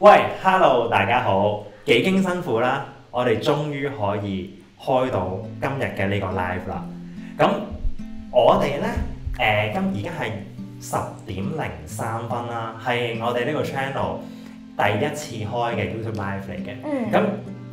喂，hello，大家好，幾經辛苦啦，我哋終於可以開到今日嘅呢個 live 啦。咁我哋呢，誒、呃、今而家係十點零三分啦，係我哋呢個 channel 第一次開嘅 YouTube live 嚟嘅。咁誒、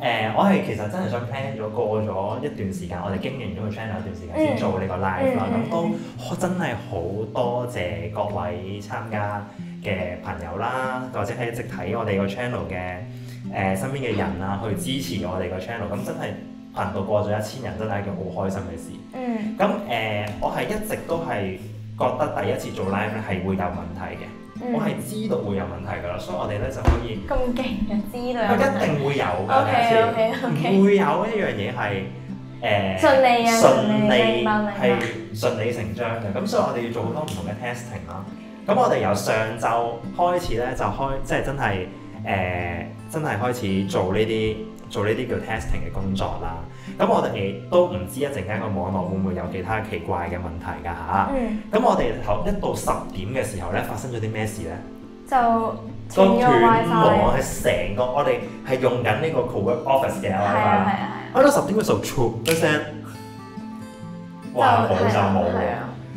嗯呃，我係其實真係想 plan 咗過咗一段時間，我哋經營咗個 channel 一段時間先做呢個 live 啦。咁、嗯嗯、都真係好多謝各位參加嘅朋友啦，或者係一直睇我哋個 channel 嘅誒身邊嘅人啊，去支持我哋個 channel，咁真係頻道過咗一千人真係一件好開心嘅事。嗯。咁誒，我係一直都係覺得第一次做 live 咧係會有問題嘅，我係知道會有問題噶啦，所以我哋咧就可以。咁勁啊！知道。一定會有嘅。O K O K 唔會有一樣嘢係誒順利啊！順利萬利係順理成章嘅，咁所以我哋要做好多唔同嘅 testing 咯。咁我哋由上晝開始咧，就開即係真係誒、呃，真係開始做呢啲做呢啲叫 testing 嘅工作啦。咁我哋亦都唔知一陣間個網絡會唔會有其他奇怪嘅問題㗎嚇。咁、嗯、我哋頭一到十點嘅時候咧，發生咗啲咩事咧？就斷網係成個，我哋係用緊呢個 co-work office 嘅啦。係係係。我到十點嘅時候，突然間，true, 就哇，冇就冇。嘅。」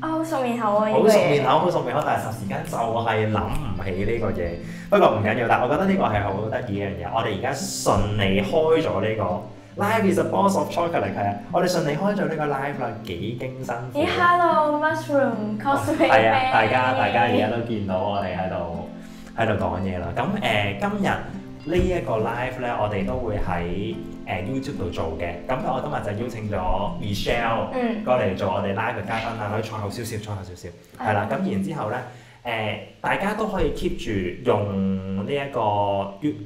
啊，好熟面口啊，已經好熟面口，好熟面口，但係霎時間就係諗唔起呢個嘢。不過唔緊要，但係我覺得呢個係好得意嘅嘢。我哋而家順利開咗呢個。Life is a box of chocolate 係啊，我哋順利開咗呢個 live 啦，幾驚心。咦，Hello Mushroom Cosplay。係啊，大家大家而家都見到我哋喺度喺度講嘢啦。咁誒、呃，今日呢一個 live 咧，我哋都會喺。誒 YouTube 度做嘅，咁我今日就邀請咗 Michelle、嗯、過嚟做我哋 live 嘅嘉賓啦，嗯、可以坐、嗯、後少少，坐後少少，係啦。咁然之後咧，誒大家都可以 keep 住用呢一個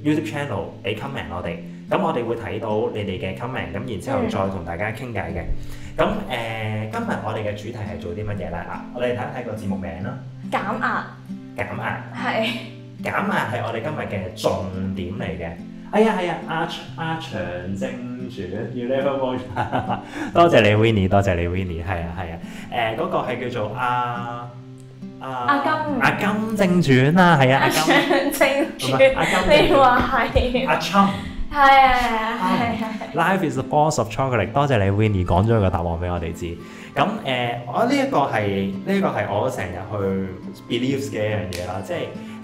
YouTube channel 俾 comment 我哋，咁我哋會睇到你哋嘅 comment，咁然之後再同大家傾偈嘅。咁誒、嗯呃、今日我哋嘅主題係做啲乜嘢咧？嗱，我哋睇睇個節目名啦，減壓壓，減壓壓，係是，減壓係我哋今日嘅重點嚟嘅。哎呀，係啊，阿阿長正傳，U Level Version，多謝你，Winnie，多謝你，Winnie，係啊，係啊，誒嗰個係叫做阿阿阿金正傳啊，係啊，阿長正傳，你話係，阿長，係啊，係啊，係啊，Life is a force of chocolate，多謝你，Winnie，講咗個答案俾我哋知，咁誒，我呢一個係呢一個係我成日去 believe 嘅一樣嘢啦，即係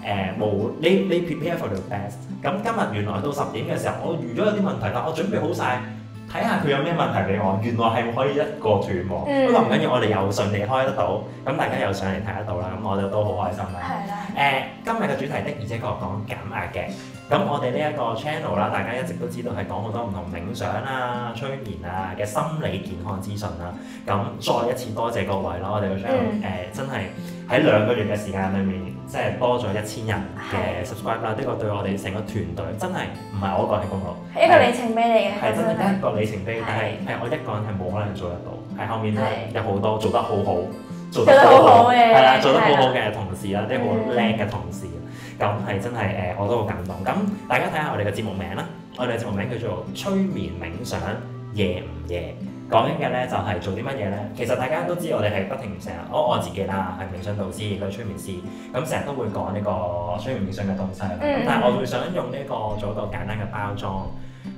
誒冇你你 prepare for the best。咁今日原來到十點嘅時候，我預咗有啲問題，但我準備好晒，睇下佢有咩問題俾我。原來係可以一個斷喎，不過唔緊要，hmm. 我哋又順利開得到，咁大家又上嚟睇得到啦，咁我哋都好開心啦。係啦、mm。誒、hmm. 呃，今日嘅主題的而且確講減壓嘅，咁我哋呢一個 channel 啦，大家一直都知道係講好多唔同冥想啊、催眠啊嘅心、啊、心理健康資訊啦。咁再一次多謝各位啦，我哋嘅 channel 誒真係～喺兩個月嘅時間裏面，即係多咗一千人嘅 subscribe 啦是。呢個對我哋成個團隊真係唔係我一個人嘅功勞，係一個里程碑嚟嘅。係真係一個里程碑，但係係我一個人係冇可能做得到。喺後面咧是有好多做，做，做得好好，做得好好嘅，係啦，做得好好嘅同事啊，啲好叻嘅同事，咁係的 真係誒我都好感動。咁大家睇下我哋嘅節目名啦，我哋嘅節目名叫做《催眠冥想夜唔夜》。講緊嘅咧就係做啲乜嘢咧？其實大家都知我哋係不停成日，我我自己啦係冥想導師、個催眠師，咁成日都會講呢個催眠冥想嘅東西啦。咁、嗯、但係我會想用呢、這個做一個簡單嘅包裝，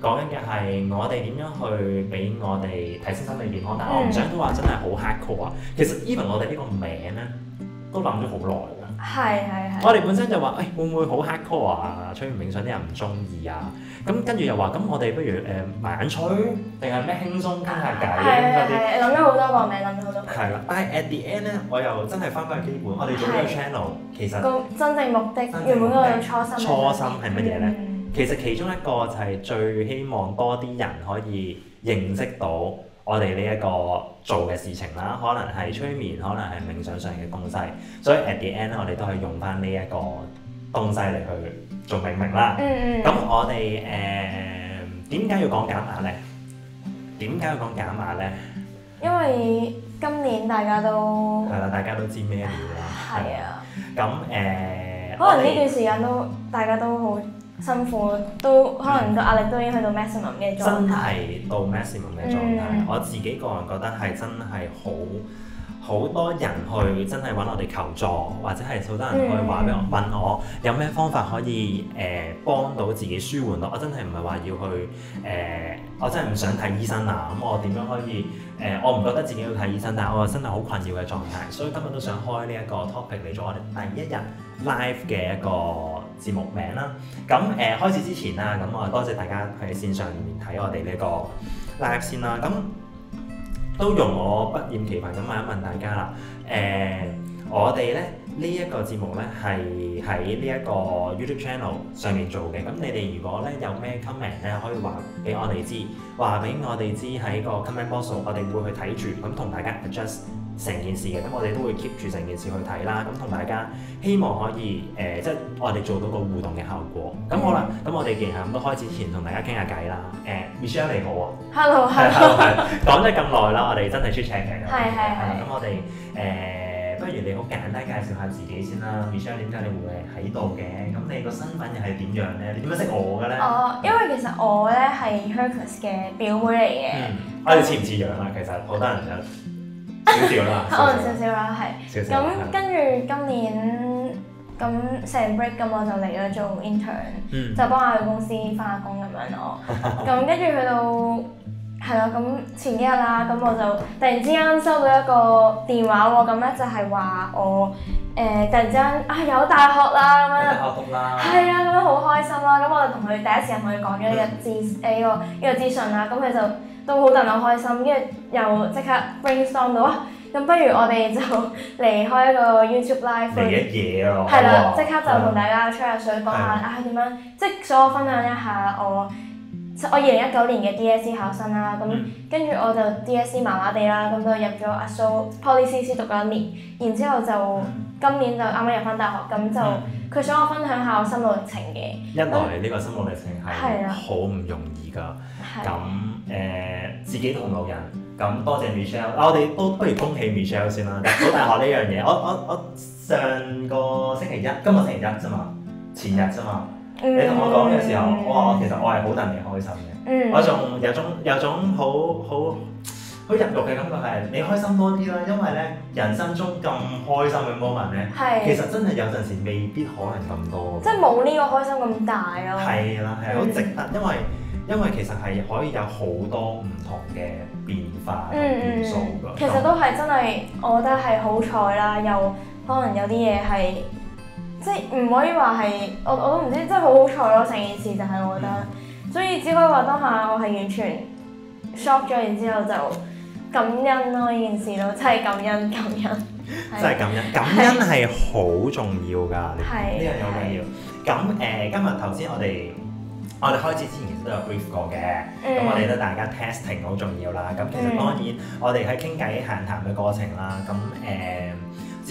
講緊嘅係我哋點樣去俾我哋提升心理健康。但係我唔想都話真係好 hardcore 啊。其實 even 我哋呢個名咧都諗咗好耐㗎。係係係。嗯、我哋本身就話誒、哎、會唔會好 hardcore 啊？催眠冥想啲人唔中意啊？咁跟住又話，咁我哋不如誒埋眼吹，定係咩輕鬆傾下偈咁啲？諗咗好多個名，諗咗。係啦，但係 at the end 咧，我又真係翻返去基本。我哋做呢個 channel，其實真正目的，原本嗰個初心，初心係乜嘢咧？其實其中一個就係最希望多啲人可以認識到我哋呢一個做嘅事情啦。可能係催眠，可能係冥想上嘅東西。所以 at the end 咧，我哋都係用翻呢一個。東西嚟去做命名啦。咁、嗯嗯、我哋誒點解要講減壓咧？點解要講減壓咧？因為今年大家都係啦，大家都知咩料啦。係是啊。咁誒，呃、可能呢段時間都大家都好辛苦，都可能個壓力都已經去到 maximum 嘅狀態。真係到 maximum 嘅狀態，嗯、我自己個人覺得係真係好。好多人去真係揾我哋求助，或者係好多人去話俾我，問我有咩方法可以誒、呃、幫到自己舒緩落。我真係唔係話要去誒、呃，我真係唔想睇醫生啊！咁我點樣可以誒、呃？我唔覺得自己要睇醫生，但係我身體好困擾嘅狀態，所以今日都想開呢一個 topic 嚟做我哋第一日 live 嘅一個節目名啦。咁誒、呃、開始之前啦，咁我多謝大家喺線上面睇我哋呢個 live 先啦。咁。都容我不厭其煩咁問一問大家啦。誒、呃，我哋咧呢一個節目咧係喺呢一個 YouTube Channel 上面做嘅。咁你哋如果咧有咩 comment 咧，可以話俾我哋知，話俾我哋知喺個 comment box 度，我哋會去睇住，咁同大家 adjust。成件事嘅，咁我哋都會 keep 住成件事去睇啦，咁同大家希望可以誒、呃，即係我哋做到個互動嘅效果。咁好啦，咁、嗯、我哋既然咁都開始前同大家傾下偈啦。誒、呃、Michelle 你好啊！Hello，Hello。講咗咁耐啦，我哋真係出場啦咁我哋誒、呃，不如你好簡單介紹下自己先啦。Michelle，點解你會喺度嘅？咁你個身份又係點樣咧？你點樣識我嘅咧？哦，uh, 因為其實我咧係 Hercules 嘅表妹嚟嘅。嗯嗯、我哋似唔似樣啦？啊，其實好得人 少少啦，少少啦，係。咁跟住今年咁成 break 咁，我就嚟咗做 intern，、嗯、就幫下公司翻下工咁樣咯。咁跟住去到。係啦，咁前幾日啦，咁我就突然之間收到一個電話喎，咁咧就係話我誒突然之間啊有大學啦咁樣，考讀啦，係啊咁樣好開心啦，咁我就同佢第一時間同佢講咗一啲誒個一個資訊啦，咁佢 就都好戥我開心，跟住又即刻 brainstorm 到啊，咁不如我哋就嚟開一個 YouTube live 嚟啦，即刻就同大家吹下水講下啊點樣，即所我分享一下我。我二零一九年嘅 DSE 考生啦，咁跟住我就 DSE 麻麻地啦，咁就入咗阿蘇 Poly C C 讀咗一年，然之後就今年就啱啱入翻大學，咁就佢想我分享下我心路歷程嘅。嗯、那一來呢個心路歷程係好唔容易㗎，咁誒的、呃、自己同路人，咁多謝 Michelle，啊、我哋都不如恭喜 Michelle 先啦，入大學呢樣嘢，我我我上個星期一，今個星期一啫嘛，前日啫嘛。你同我講嘅時候，我話其實我係好等你開心嘅，嗯、我仲有種有種好好好入局嘅感覺係，你開心多啲啦，因為咧人生中咁開心嘅 moment 咧，是其實真係有陣時未必可能咁多，即係冇呢個開心咁大咯、啊，係啦，係好值得，因為因為其實係可以有好多唔同嘅變化元素噶、嗯，其實都係真係，我覺得係好彩啦，又可能有啲嘢係。即係唔可以話係，我我都唔知，真係好好彩咯！成件事就係我覺得，嗯、所以只可以話當下我係完全 shock 咗，然之後就感恩咯，件事都真係感恩感恩。真係感恩，感恩係好重要㗎。係呢樣嘢好重要。咁誒、呃，今日頭先我哋我哋開始之前其實都有 brief 過嘅，咁、嗯、我哋都大家 testing 好重要啦。咁其實當然我哋喺傾偈閒談嘅過程啦，咁誒。呃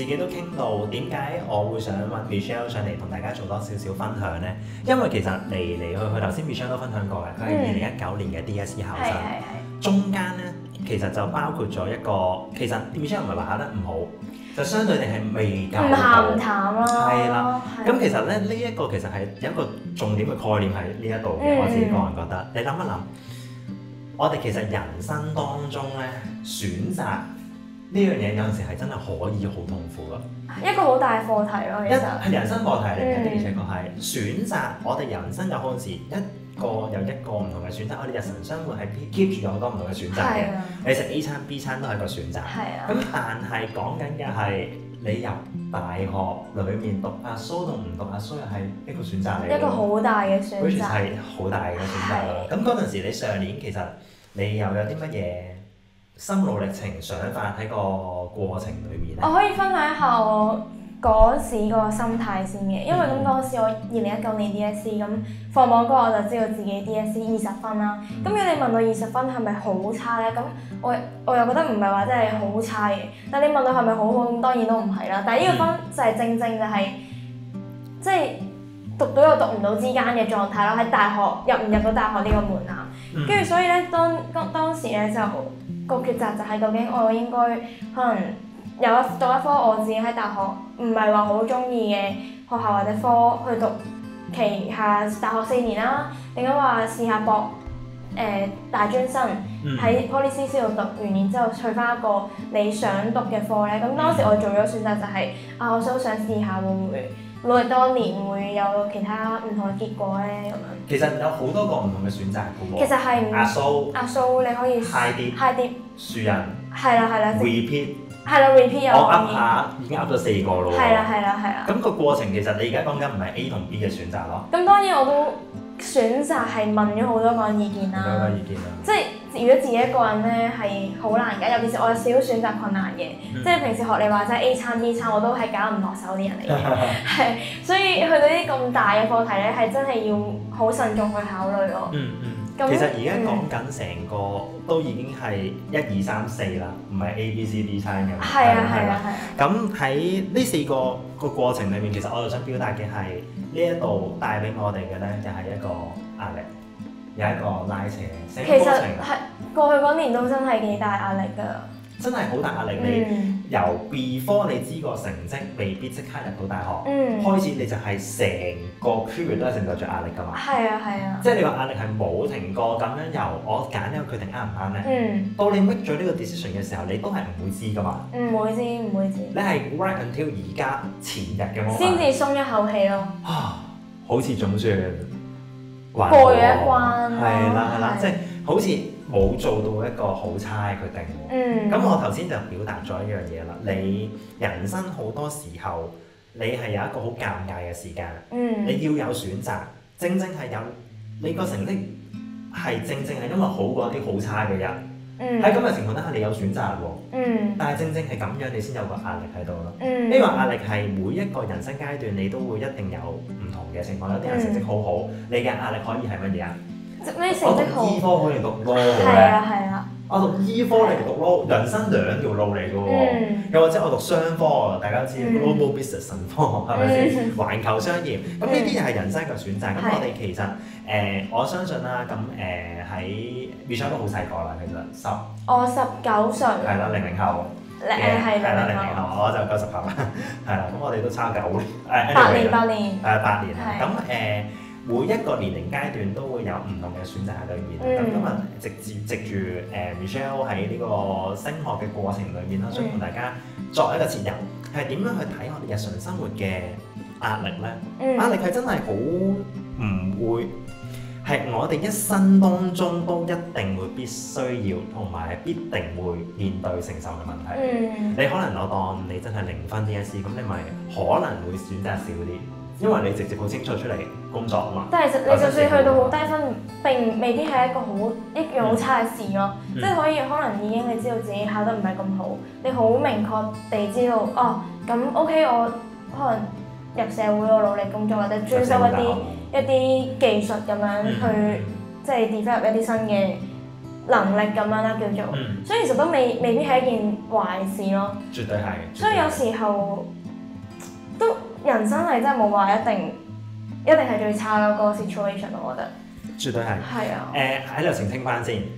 自己都傾到點解我會想揾 Michelle 上嚟同大家做多少少分享呢？因為其實嚟嚟去去，頭先 Michelle 都分享過嘅，佢係二零一九年嘅 DSE 考生，中間呢，其實就包括咗一個，其實 Michelle 唔係話考得唔好，就相對地係未夠不不淡，啦。係啦，咁其實咧呢一、個其實係有一個重點嘅概念喺呢一度嘅，的我自己個人覺得。你諗一諗，我哋其實人生當中咧選擇。呢樣嘢有陣時係真係可以好痛苦㗎，一個好大嘅課題咯、啊，其實係人生課題嚟嘅，而且個係選擇。我哋人生有陣時一個又一個唔同嘅選擇。我哋日常生活係 keep 住有好多唔同嘅選擇嘅，你食的 A 餐 B 餐都係個選擇。係啊的。咁但係講緊嘅係你由大學裏面讀阿書同唔讀阿書又係一個選擇嚟嘅。一個好大嘅選擇。係好大嘅選擇。咁嗰陣時你上年其實你又有啲乜嘢？心路歷程、想法喺個過程裏面咧，我可以分享一下我嗰時個心態先嘅，因為咁嗰時我二零一九年 DSE 咁放榜嗰我就知道自己 DSE 二十分啦。咁如果你問到我二十分係咪好差咧？咁我我又覺得唔係話真係好差嘅，但你問到係咪好好？當然都唔係啦。但呢個分就係正正就係即係讀到又讀唔到之間嘅狀態咯。喺大學入唔入到大學呢個門檻，跟住所以咧當當當時咧就。個抉擇就係究竟我應該可能有一讀一科我自己喺大學唔係話好中意嘅學校或者科去讀，旗下大學四年啦，定咁話試下博誒、呃、大專生喺 Poly 先用讀完，然之後去翻一個你想讀嘅科呢。咁當時我做咗選擇就係、是、啊，我想想試下會唔會？耐多年會有其他唔同嘅結果咧咁樣。其實有好多個唔同嘅選擇嘅，其實係阿蘇，阿蘇、啊啊、你可以。high 啲，high 啲。樹人。係啦係啦。Repeat。係啦 repeat 又。我噏下已經噏咗四個咯。係啦係啦係啦。咁個過程其實你而家講緊唔係 A 同 B 嘅選擇咯。咁當然我都。選擇係問咗好多個人意見啦，意見即係如果自己一個人咧係好難揀，尤其是我有少少選擇困難嘅。嗯、即係平時學你話齋 A 餐 B 餐我都係揀唔落手啲人嚟嘅，係 所以去到啲咁大嘅課題咧係真係要好慎重去考慮咯。嗯嗯其實而家講緊成個都已經係一二三四啦，唔係 A B C D 三嘅、啊。係啊係啊係。咁喺呢四個個過程裡面，其實我就想表達嘅係呢一度帶俾我哋嘅咧，就係一個壓力，又一個拉扯嘅過程。其實係過去嗰年都真係幾大壓力㗎。真係好大壓力，你由 B 科你知個成績未必即刻入到大學，開始你就係成個 period 都係承受住壓力噶嘛。係啊係啊。即係你話壓力係冇停過咁樣，由我揀呢個決定啱唔啱咧？到你 make 咗呢個 decision 嘅時候，你都係唔會知噶嘛。唔會知，唔會知。你係 wait until 而家前日咁先至鬆一口氣咯。啊，好似總算過咗一關。係啦係啦，即係好似。冇做到一個好差嘅決定喎。咁、嗯、我頭先就表達咗一樣嘢啦。你人生好多時候，你係有一個好尷尬嘅時間。嗯、你要有選擇，正正係有你個成績係正正係因為好過啲好差嘅人。喺咁嘅情況下，你有選擇、嗯、但係正正係咁樣，你先有個壓力喺度咯。呢個壓力係每一個人生階段，你都會一定有唔同嘅情況。有啲人成績好好，嗯、你嘅壓力可以係乜嘢啊？讀咩成績好？係啊係啊。我讀醫科嚟讀 law，我讀醫科嚟讀 law，人生兩條路嚟㗎喎。又或者我讀商科，大家知 global business 神科，係咪先？嗯。環球商業，咁呢啲又係人生嘅選擇。係。咁我哋其實誒，我相信啦。咁誒喺 B 想都好細個啦，其實十。我十九歲。係啦，零零後。誒係啦。零零後，我就九十八啦。係啦，咁我哋都差九年，誒，八年、八年、八年。咁誒？每一個年齡階段都會有唔同嘅選擇喺裏面，咁、嗯、今日直接藉住 Michelle 喺呢個升學嘅過程裏面啦，嗯、想同大家作一個切入，係點、嗯、樣去睇我哋日常生活嘅壓力呢？嗯、壓力佢真係好唔會係我哋一生當中都一定會必須要同埋必定會面對承受嘅問題。嗯、你可能我當你真係零分 DSE，咁你咪可能會選擇少啲。因為你直接好清楚出嚟工作啊嘛，但係你就算去到好低分，並未必係一個好一件好差嘅事咯。嗯、即係可以可能已經你知道自己考得唔係咁好，你好明確地知道哦。咁 OK，我可能入社會我努力工作或者專修一啲一啲技術咁樣去，嗯、即係 develop 一啲新嘅能力咁樣啦，叫做。所以其實都未未必係一件壞事咯。絕對係。對，所以有時候都。人生係真係冇話一定，一定係最差個 situation，我覺得。絕對係。係啊。誒，喺度澄清返先聽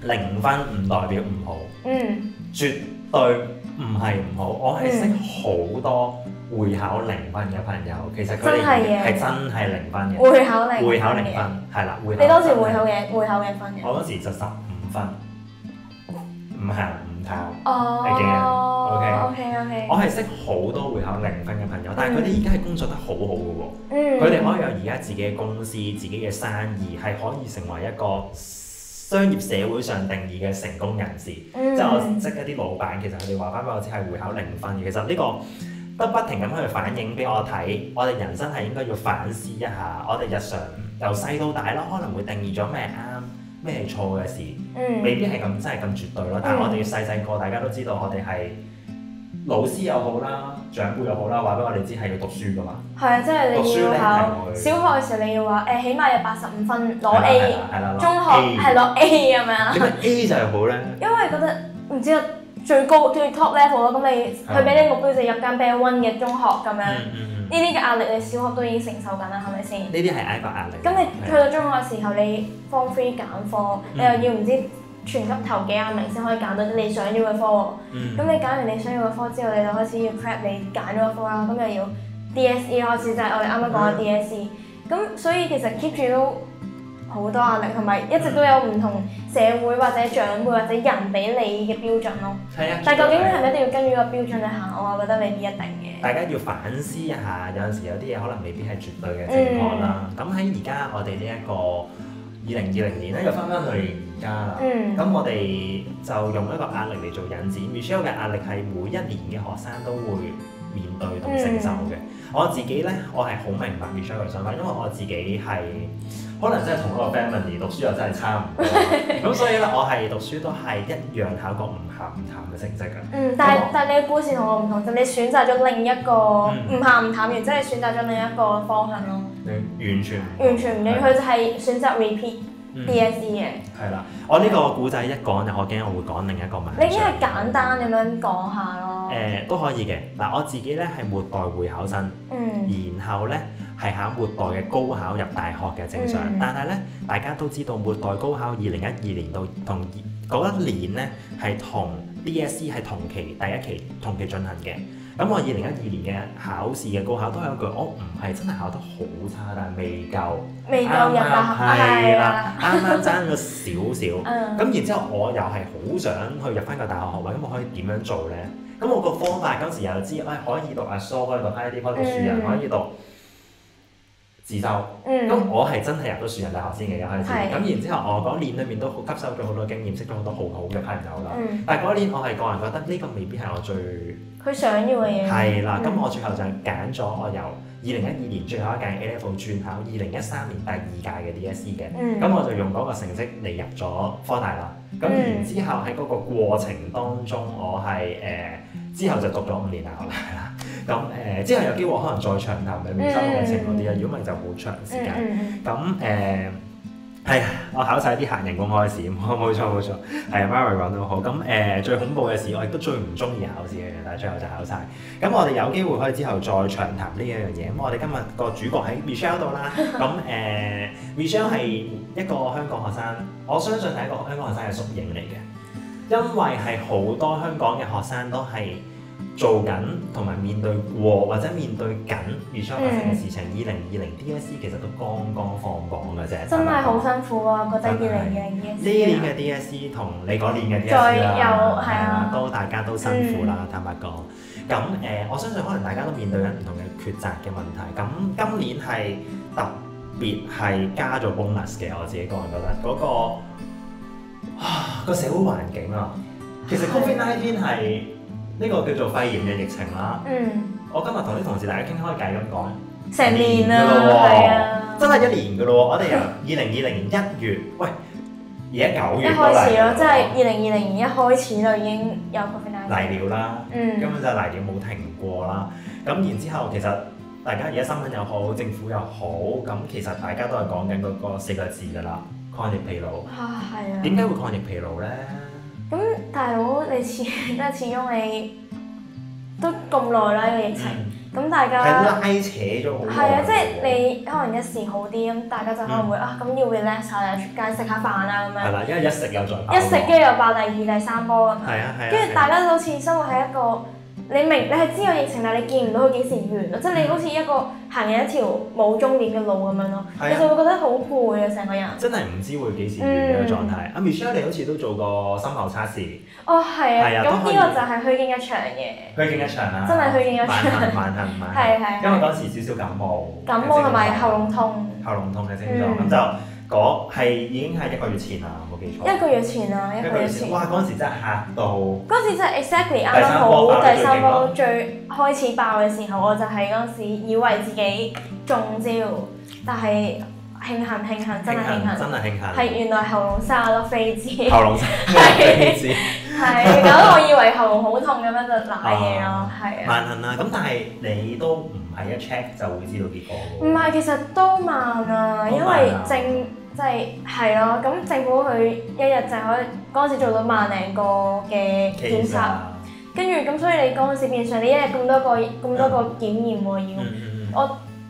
聽，零分唔代表唔好。嗯。絕對唔係唔好，我係識好多會考零分嘅朋友，其實佢哋係真係零分嘅。會考零。會考零,零,零分，係啦。你當時會考嘅會考嘅分嘅？我嗰時就十五分。唔係。睇下，幾人 Yeah .？OK，okay, okay. 我係識好多會考零分嘅朋友，mm. 但係佢哋而家係工作得好好嘅喎。佢哋、mm. 可以有而家自己嘅公司、自己嘅生意，係可以成為一個商業社會上定義嘅成功人士。Mm. 即係我識一啲老闆，其實佢哋話翻俾我知係會考零分嘅，其實呢個都不停咁去反映俾我睇，我哋人生係應該要反思一下，我哋日常由細到大咯，可能會定義咗咩啊？咩係錯嘅事？嗯、未必係咁，真係咁絕對咯。但係我哋細細個，大家都知道我哋係老師又好啦，長輩又好啦，話俾我哋知係要讀書㗎嘛。係啊，即、就、係、係、你要考他小學嘅時候，你要話，誒、欸，起碼有八十五分攞 A，中學係攞 A 咁樣。點解 A, A 就係好咧？因為覺得唔知啊。最高最 top level 咯，咁你佢俾你目標就、入間 band one 嘅中學咁樣，呢啲嘅壓力你小學都已經承受緊啦，係咪先？呢啲係一個壓力。咁你吧去到中學嘅時候，你 form three 揀科，mm hmm. 你又要唔知全級頭幾廿名先可以揀到你想要嘅科。咁、mm hmm. 你揀完你想要嘅科之後，你就開始要 prep 你揀咗嘅科啦。咁又要 DSE 開始，就係我哋啱啱講嘅 DSE。咁、hmm. 所以其實 keep 住都。好多壓力同埋一直都有唔同社會或者長輩或者人俾你嘅標準咯。係啊、嗯，但係究竟係咪一定要跟住個標準去行？我覺得未必一定嘅。大家要反思一下，有陣時有啲嘢可能未必係絕對嘅正確啦。咁喺而家我哋呢一個二零二零年咧，又翻翻去而家啦。咁、嗯、我哋就用一個壓力嚟做引子。嗯、Michelle 嘅壓力係每一年嘅學生都會面對同承受嘅。嗯、我自己呢，我係好明白 Michelle 嘅想法，因為我自己係。可能真係同嗰個 Ben 讀書又真係差唔多，咁、 就是、所以咧，我係讀書都係一樣考個唔鹹唔淡嘅成績㗎。嗯，但係但係你故事同我唔同，就你選擇咗另一個唔鹹唔淡，然、嗯、之後你選擇咗另一個方向咯。你完全完全唔同，佢就係選擇 repeat DSE 嘅。係啦、嗯，我呢個故仔一講就我驚我會講另一個問題。你已經係簡單咁樣講下咯。誒、嗯，都可以嘅。嗱，我自己咧係末代會考生，嗯，然後咧。係考末代嘅高考入大學嘅正常，嗯、但係咧，大家都知道末代高考二零一二年到同嗰一年咧係同 DSE 係同期第一期同期進行嘅。咁我二零一二年嘅考試嘅高考都係一句，我唔係真係考得好差，但係未夠，未夠、嗯、入大學係啦，啱啱爭咗少少。咁然之後我又係好想去入翻個大學學位，咁我可以點樣做咧？咁我個方法嗰時又知，喂，可以讀阿蘇，可以讀 I.T，可以讀樹人，可以讀。自修，咁、嗯、我係真係入咗樹人大學先嘅，一開始咁是然之後，我嗰年裏面都好吸收咗好多經驗，識咗好多好好嘅朋友啦。嗯、但係嗰年我係個人覺得呢個未必係我最佢想要嘅嘢。係啦的，咁、嗯、我最後就係揀咗我由二零一二年最後一屆 A Level 轉考二零一三年第二屆嘅 DSE 嘅，咁我就用嗰個成績嚟入咗科大啦。咁、嗯、然之後喺嗰個過程當中，我係誒、呃、之後就讀咗五年大學啦。 咁誒、呃、之後有機會可能再長談嘅面試過程嗰啲啊，如果唔係就好長時間。咁誒係，我考晒啲閒人，公開試，冇錯冇錯，係啊，Mary 講得好。咁誒、嗯呃、最恐怖嘅事，我亦都最唔中意考試嘅但係最後就考晒。咁我哋有機會可以之後再長談呢一樣嘢。咁我哋今日個主角喺 Mich、呃、 Michelle 度啦。咁誒，Michelle 係一個香港學生，我相信係一個香港學生嘅縮影嚟嘅，因為係好多香港嘅學生都係。做緊同埋面對和，或者面對緊 retake 嘅事情，二零二零 DSE 其實都剛剛放榜嘅啫，真係好辛苦啊！嗯、覺得二零二零呢年嘅 D、SE、SE 同、嗯、D SE 你嗰年嘅 DSE 有吧啊，都大家都辛苦啦，嗯、坦白講。咁誒、呃，我相信可能大家都面對緊唔同嘅抉擇嘅問題。咁今年係特別係加咗 bonus 嘅，我自己個人覺得嗰、那個啊、這個社會環境啊，其實 COVID-19 係。19呢個叫做肺炎嘅疫情啦，嗯，我今日同啲同事大家傾開偈咁講，成年㗎咯喎，了啊、真係一年㗎咯、啊、我哋由二零二零年一月，喂而家九月開始咯，啊、即係二零二零年一開始就已經有個肺炎嚟了啦，根本、嗯、就嚟咗冇停過啦。咁然之後，其實大家而家新聞又好，政府又好，咁其實大家都係講緊嗰個四個字㗎啦，抗疫疲勞。嚇係啊！點解、啊、會抗疫疲勞咧？咁大佬，你始即係始終你都咁耐啦，呢個疫情。咁大家係拉扯咗好耐。係啊，即係你可能一時好啲咁，大家就可能會啊，咁要唔要咧？成日出街食下飯啊咁樣。係啦，因為一食又再一食，跟住又爆第二、第三波咁。係啊係啊，跟住大家都好似生活喺一個。你明，你係知有疫情，但係你見唔到佢幾時完咯，即係你好似一個行緊一條冇終點嘅路咁樣咯，你就會覺得好攰啊成個人。真係唔知會幾時完嘅狀態。阿 Michelle，你好似都做過深喉測試。哦，係啊。係啊。咁呢個就係虛驚一場嘅。虛驚一場啊！真係虛驚一場。係唔係？係呀，因為當時少少感冒。感冒同埋喉嚨痛。喉嚨痛嘅症狀，咁就。我已經係一個月前啦，冇記錯。一個月前啊，一個月前。哇！嗰陣時真係嚇到。嗰陣時真係 exactly 啱好第三波最開始爆嘅時候，我就係嗰陣時以為自己中招，但係慶幸慶幸真係慶幸，真係慶幸。係原來喉嚨生咗粒飛滋。喉嚨生。係。飛滋。係，搞到我以為喉嚨好痛咁樣就瀨嘢咯，係啊。萬幸啦，咁但係你都唔係一 check 就會知道結果。唔係，其實都慢啊，因為正。即係係咯，咁、就是、政府佢一日就可以嗰陣時做到萬零個嘅檢測，實跟住咁所以你嗰陣時變相你一日咁多個咁、嗯、多個檢驗喎，要、嗯嗯嗯、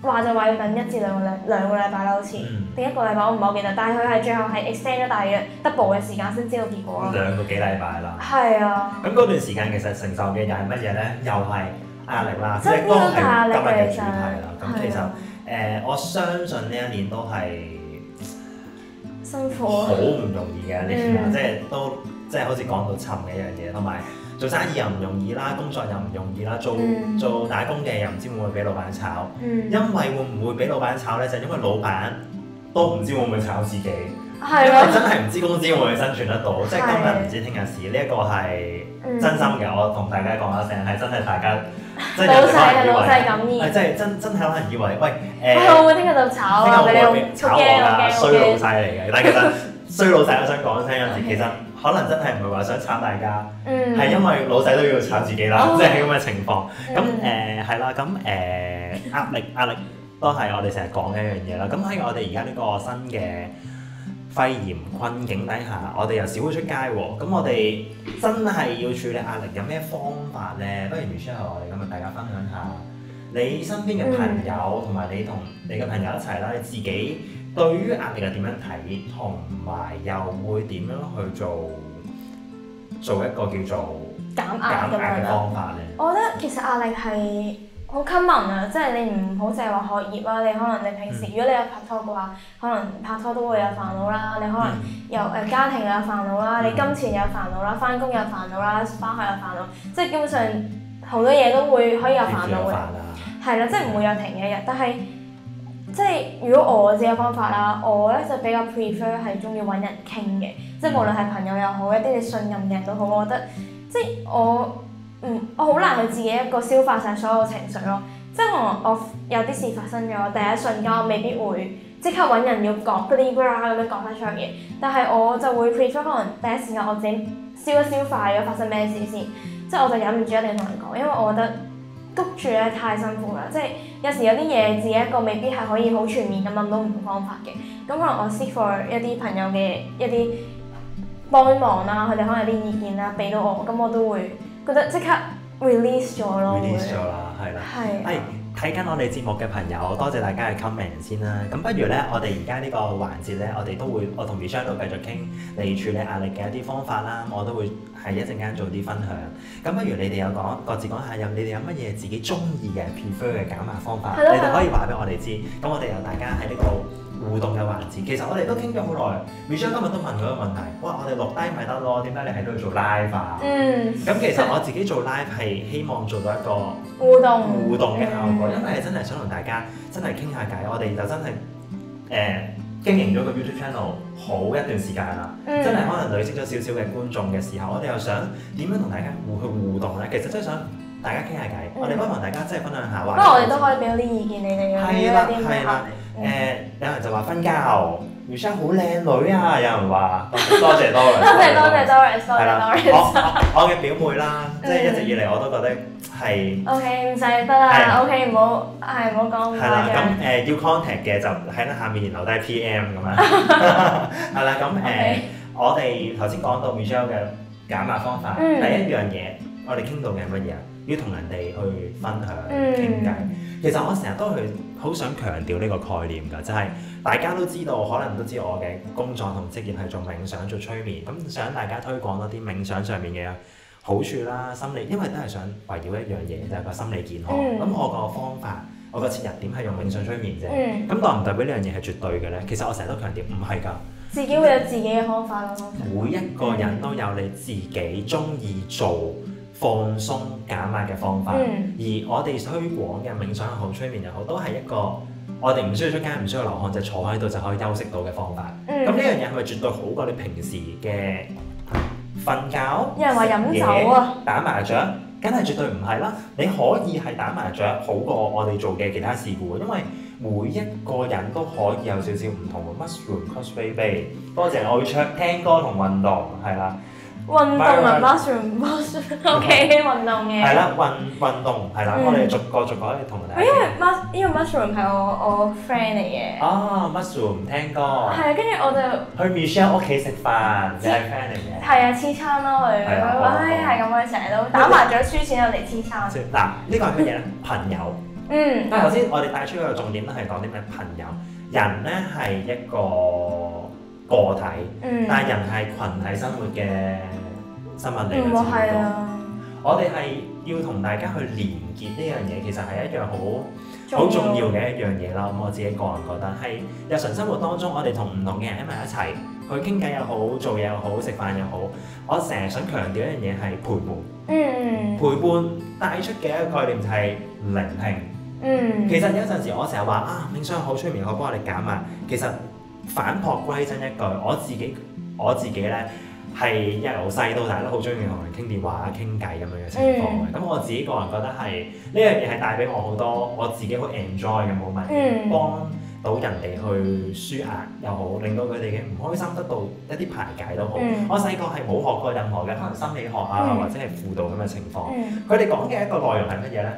我話就話要等一至兩個兩兩個禮拜啦好似，嗯、第一個禮拜我唔係好記得，但係佢係最後係 extend 咗，大約 double 嘅時間先知道結果、啊。兩個幾禮拜啦。係啊的。咁嗰段時間其實承受嘅又係乜嘢咧？又係壓力啦，即係呢個壓力就係。係啊。咁其實誒、呃，我相信呢一年都係。好唔、哦、容易嘅，你、嗯、即係都即係好似講到沉嘅一樣嘢，同埋做生意又唔容易啦，工作又唔容易啦，做、嗯、做打工嘅又唔知會唔會俾老闆炒。嗯、因為會唔會俾老闆炒呢？就係，因為老闆都唔知會唔會炒自己，因為、嗯、真係唔知公司會唔會生存得到，吧即係今日唔是知聽日事，呢、這、一個係。真心嘅，我同大家講一聲，係真係大家即係老細，老細咁即係真真係可能以為，是是以為喂誒、欸哦，我聽日就炒啊，你炒我啊，衰老細嚟嘅。但係其實衰老細，都 想講一聲嘅，其實可能真係唔係話想炒大家，係因為老細都要炒自己啦，即係咁嘅情況。咁誒係啦，咁誒壓力壓力都係我哋成日講嘅一樣嘢啦。咁喺我哋而家呢個新嘅。肺炎困境底下，我哋又少出街喎。咁我哋真係要處理壓力，有咩方法呢？不如 Michelle 我哋咁啊，大家分享下你身邊嘅朋友，同埋、嗯、你同你嘅朋友一齊啦。你自己對於壓力又點樣睇，同埋又會點樣去做做一個叫做減壓咁嘅方法呢？我覺得其實壓力係好 common 啊！即係你唔好淨係話學業啦。你可能你平時、嗯、如果你有拍拖嘅話，可能拍拖都會有煩惱啦。你可能有誒、嗯呃、家庭有煩惱啦，嗯、你金錢有煩惱啦，翻工有煩惱啦，翻學有煩惱，即係基本上好多嘢都會可以有煩惱嘅。係啦，即係唔會有停嘅一日。但係即係如果我自己方法啦，我咧就比較 prefer 係中意揾人傾嘅，即係無論係朋友又好，一啲你信任嘅人都好，我覺得即係我。嗯，我好難去自己一個消化晒所有情緒咯。即係我，我有啲事發生咗，第一瞬間我未必會即刻揾人要講嗰啲句啊，咁、mm hmm. 樣講翻出嚟嘅。但係我就會 prefer 可能第一瞬間我自己消一消化咗發生咩事先。即係我就忍唔住一定要同人講，因為我覺得焗住咧太辛苦啦。即係有時有啲嘢自己一個未必係可以好全面咁諗到唔同方法嘅。咁可能我 seek for 一啲朋友嘅一啲幫忙啦，佢哋可能有啲意見啦，俾到我，咁我都會。覺得即刻 release 咗咯，release 咗啦，係啦。係，睇緊的我哋節目嘅朋友，多謝大家嘅 comment 先啦。咁不如咧，我哋而家呢個環節咧，我哋都會，我同 Michelle 都繼續傾嚟處理壓力嘅一啲方法啦。我都會係一陣間做啲分享。咁不如你哋又講，各自講下你有你哋有乜嘢自己中意嘅 prefer 嘅減壓方法， 你哋可以話俾我哋知。咁 我哋由大家喺呢、這個。互動嘅環節，其實我哋都傾咗好耐。Michelle 今日都問我個問題，哇！我哋落低咪得咯，點解你喺度做 live 啊？嗯。咁、嗯、其實我自己做 live 係希望做到一個互動互動嘅效果，因為真係想同大家真係傾下偈。嗯、我哋就真係誒、呃、經營咗個 YouTube channel 好一段時間啦，嗯、真係可能累積咗少少嘅觀眾嘅時候，我哋又想點樣同大家互去互動咧？其實真係想大家傾下偈，我哋不妨大家真係分享下，不如、嗯、我哋都可以俾到啲意見你哋嘅，如果有誒有人就話瞓覺，Michelle 好靚女啊！有人話多謝多謝多謝多謝多謝，係啦，多謝我嘅表妹啦，即係一直以嚟我都覺得係。O K，唔使得啦，O K，唔好係唔好講。係啦，咁誒要 contact 嘅就喺下面留低 P M 咁樣。係啦，咁誒我哋頭先講到 Michelle 嘅減壓方法，第一樣嘢我哋傾到嘅係乜嘢啊？要同人哋去分享傾偈。其實我成日都去。好想強調呢個概念㗎，就係、是、大家都知道，可能都知我嘅工作同職業係做冥想、做催眠，咁想大家推廣多啲冥想上面嘅好處啦，心理因為都係想圍繞一樣嘢，就係、是、個心理健康。咁、嗯、我個方法，我個切入點係用冥想催眠啫。咁、嗯、代唔代表呢樣嘢係絕對嘅呢？其實我成日都強調，唔係㗎。自己會有自己嘅方法咯、啊。每一個人都有你自己中意做放鬆減壓嘅方法，嗯、而我哋推廣嘅冥想又好，催眠又好，都係一個我哋唔需要出街、唔需要流汗就坐喺度就可以休息到嘅方法。咁呢樣嘢係咪絕對好過你平時嘅瞓覺、有人話飲、yeah, 酒啊、打麻雀？梗係絕對唔係啦！你可以係打麻雀好過 für 我哋做嘅其他事故，因為每一個人都可以有少少唔同。Mushroom Cos Baby，多謝我會唱聽歌同運動，係啦。運動啊，mushroom，mushroom，OK，運動嘅。係啦，運運動係啦，我哋逐個逐個去同佢哋。因為 m，因為 mushroom 係我我 friend 嚟嘅。啊，mushroom 聽歌。係啊，跟住我就去 Michelle 屋企食飯，即係 friend 嚟嘅。係啊，黐餐咯，我哋唉，係咁樣成日都打麻雀輸錢，我哋黐餐。嗱，呢個係乜嘢咧？朋友。嗯。但係頭先我哋帶出嗰個重點咧，係講啲咩朋友？人咧係一個個體，但係人係群體生活嘅生物嚟嘅，最多。嗯、我哋係、啊、要同大家去連結呢樣嘢，其實係一樣好好重要嘅一樣嘢啦。咁我自己個人覺得，係日常生活當中，我哋同唔同嘅人喺埋一齊，去傾偈又好，做嘢又好，食飯又好。我成日想強調一樣嘢係陪伴。嗯。陪伴帶出嘅一個概念就係聆聽。嗯其、啊。其實有陣時我成日話啊，冥想好催眠，我幫我哋減壓。其實。返璞歸真一句，我自己我自己咧係由細到大都好中意同人傾電話傾偈咁樣嘅情況嘅。咁、嗯、我自己個人覺得係呢樣嘢係帶俾我好多，我自己好 enjoy 嘅 moment，幫、嗯、到人哋去舒壓又好，令到佢哋嘅唔開心得到一啲排解都好。嗯、我細個係冇學過任何嘅可能心理學、嗯、啊，或者係輔導咁嘅情況。佢哋講嘅一個內容係乜嘢咧？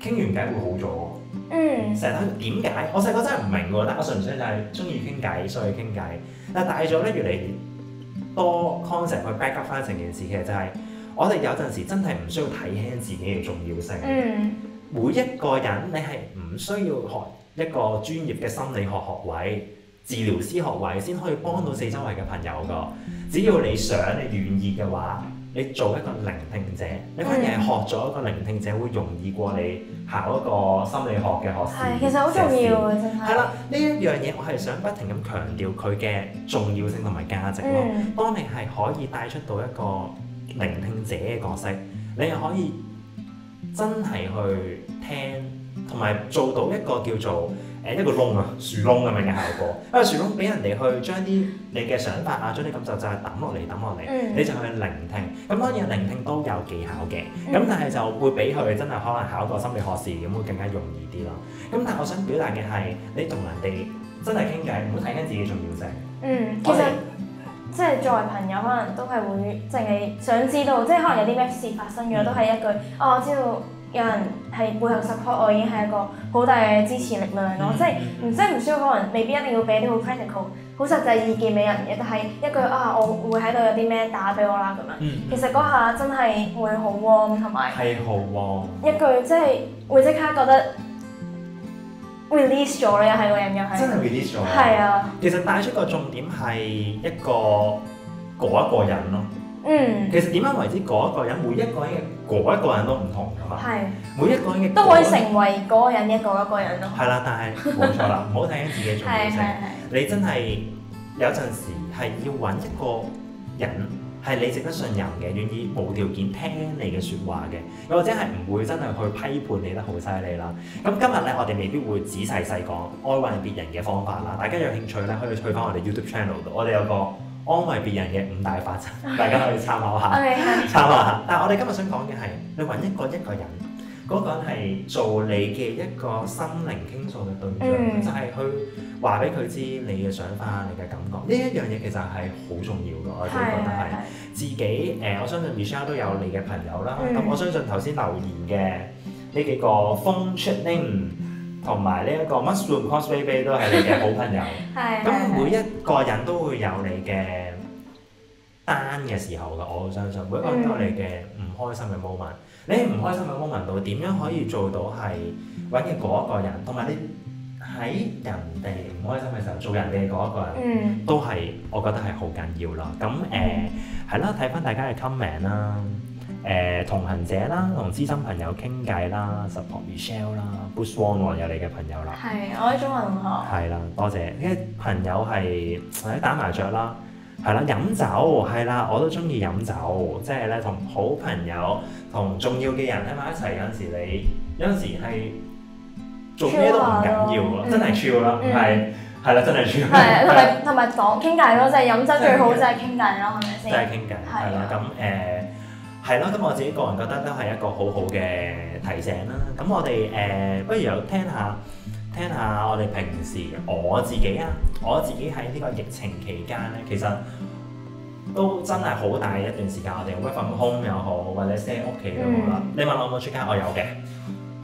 傾完偈會好咗。嗯，成日都點解？我細個真係唔明喎，但我純粹就係中意傾偈，所以傾偈。但係大咗咧，越嚟越多 concept 去 back up 翻成件事其實就係，我哋有陣時真係唔需要睇輕自己嘅重要性。嗯，每一個人你係唔需要學一個專業嘅心理學學位、治療師學位先可以幫到四周圍嘅朋友噶。只要你想、你願意嘅話。你做一個聆聽者，你反而係學咗一個聆聽者會容易過你考一個心理學嘅學士。係，其實好重要嘅真係。係啦，呢詩一樣嘢我係想不停咁強調佢嘅重要性同埋價值咯。嗯、當你係可以帶出到一個聆聽者嘅角色，你係可以真係去聽，同埋做到一個叫做。誒一個窿啊，樹窿咁樣嘅效果，因為樹窿俾人哋去將啲你嘅想法啊，將啲感受就係抌落嚟，抌落嚟，嗯、你就去聆聽。咁當然聆聽都有技巧嘅，咁、嗯、但係就會俾佢真係可能考個心理學士，咁會更加容易啲咯。咁但係我想表達嘅係，你同人哋真係傾偈，唔好睇緊自己重要性。嗯，其實我哋即係作為朋友，可能都係會淨係想知道，即係可能有啲咩事發生嘅，嗯、都係一句哦，我知道。有人係背後 support 我已經係一個好大嘅支持力量咯、mm，即係唔即係唔需要可能未必一定要俾啲好 critical 好實際意見俾人嘅，但係一句啊，我會喺度有啲咩打俾我啦咁樣。Mm hmm. 其實嗰下真係會好 warm 同埋。係好 warm。一句即係會即刻覺得 release 咗啦，又係個人又係。真係 release 咗。係啊。其實帶出個重點係一個嗰一個人咯。嗯、mm。Hmm. 其實點樣為之嗰一個人？每一個人。個一個人都唔同，係嘛？每一個人都可以成為嗰個人嘅嗰一個人咯。係啦，但係冇錯啦，唔好睇緊自己做唔成。你真係有陣時係要搵一個人係你值得信任嘅，願意無條件聽你嘅説話嘅，又或者係唔會真係去批判你得好犀利啦。咁今日咧，我哋未必會仔細細講愛壞別人嘅方法啦。大家有興趣咧，可以去翻我哋 YouTube channel 度，我哋有個，安慰別人嘅五大法則， 大家可以參考下， okay, 參考下。 但係我哋今日想講嘅係，你揾一個一個人，嗰個人係做你嘅一個心靈傾訴嘅對象，嗯、就係去話俾佢知你嘅想法、你嘅感覺呢、嗯、一樣嘢其實係好重要嘅，我哋、嗯、覺得係自己誒。嗯、我相信 Michelle 都有你嘅朋友啦，咁、嗯、我相信頭先留言嘅呢幾個 phone chatting 同埋呢一個 Muslim Cosplay 都係你嘅好朋友 是。係、嗯。咁每一個人都會有你嘅單嘅時候嘅，我相信每一個人都有你嘅唔開心嘅 moment。你唔開心嘅 moment 到點樣可以做到係揾嘅嗰一個人，同埋你喺人哋唔開心嘅時候做人哋嗰一個人，嗯、都係我覺得係好緊要啦。咁誒係啦，睇、呃、翻、嗯、大家嘅 comment 啦。誒、呃、同行者啦，同資深朋友傾偈啦，support Michelle 啦 b u o s t One 有你嘅朋友啦，係我喺中學同學，係啦，多謝。啲朋友係喺打麻雀啦，係啦，飲酒係啦，我都中意飲酒，即係咧同好朋友同重要嘅人喺埋一齊，有陣時你有陣時係做咩都唔緊要喎，真係 chill 啦，唔係係啦，真係 chill。h i l 同埋講傾偈咯，即係飲酒最好就係傾偈咯，係咪先？真係傾偈，係 啦樂，咁誒。 係咯，咁我自己個人覺得都係一個好好嘅提醒啦。咁我哋誒，不如有聽下聽下我哋平時我自己啊，我自己喺呢個疫情期間咧，其實都真係好大一段時間，我哋 work from home 又好，或者 stay 喺屋企都好啦。你問我有冇出街，我有嘅，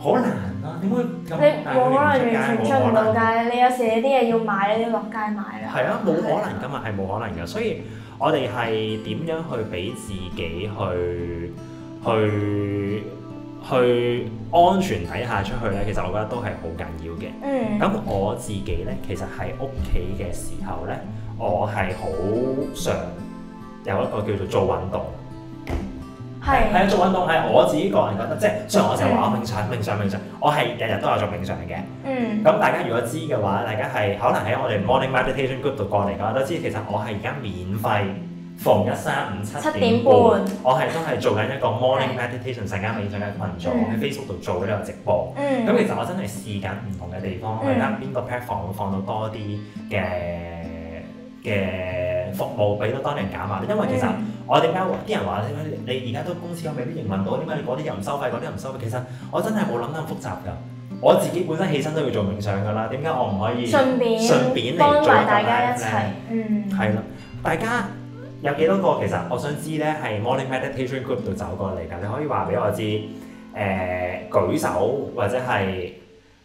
好難啊！點會你冇可能完全出唔到街，你有時你啲嘢要買，你要落街買啊。係啊，冇可能㗎嘛，係冇可能㗎，所以。我哋係點樣去俾自己去去去安全底下出去呢？其實我覺得都係好緊要嘅。嗯，咁我自己呢，其實喺屋企嘅時候呢，我係好想有一個叫做做運動。係係啊，做運動係我自己個人覺得，即係雖然我成日話我冥想冥想冥想，我係日日都有做冥想嘅。嗯。咁大家如果知嘅話，大家係可能喺我哋 Morning Meditation Group 度過嚟嘅，都知其實我係而家免費逢一三五七點半，我係真係做緊一個 Morning Meditation 晨間冥想嘅群組喺 Facebook 度做個直播。咁、嗯、其實我真係試緊唔同嘅地方，睇下邊個 platform 會放到多啲嘅嘅。服務俾得當人揀嘛，因為其實我點解啲人話點解你而家都公司咁未必營運到。點解嗰啲又唔收費，嗰啲又唔收費？其實我真係冇諗得咁複雜噶。我自己本身起身都要做冥想噶啦，點解我唔可以順便嚟做，順便幫埋大家一齊？係、嗯、咯，大家有幾多個其實我想知咧，係 Morning Meditation Group 度走過嚟噶，你可以話俾我知。誒、呃，舉手或者係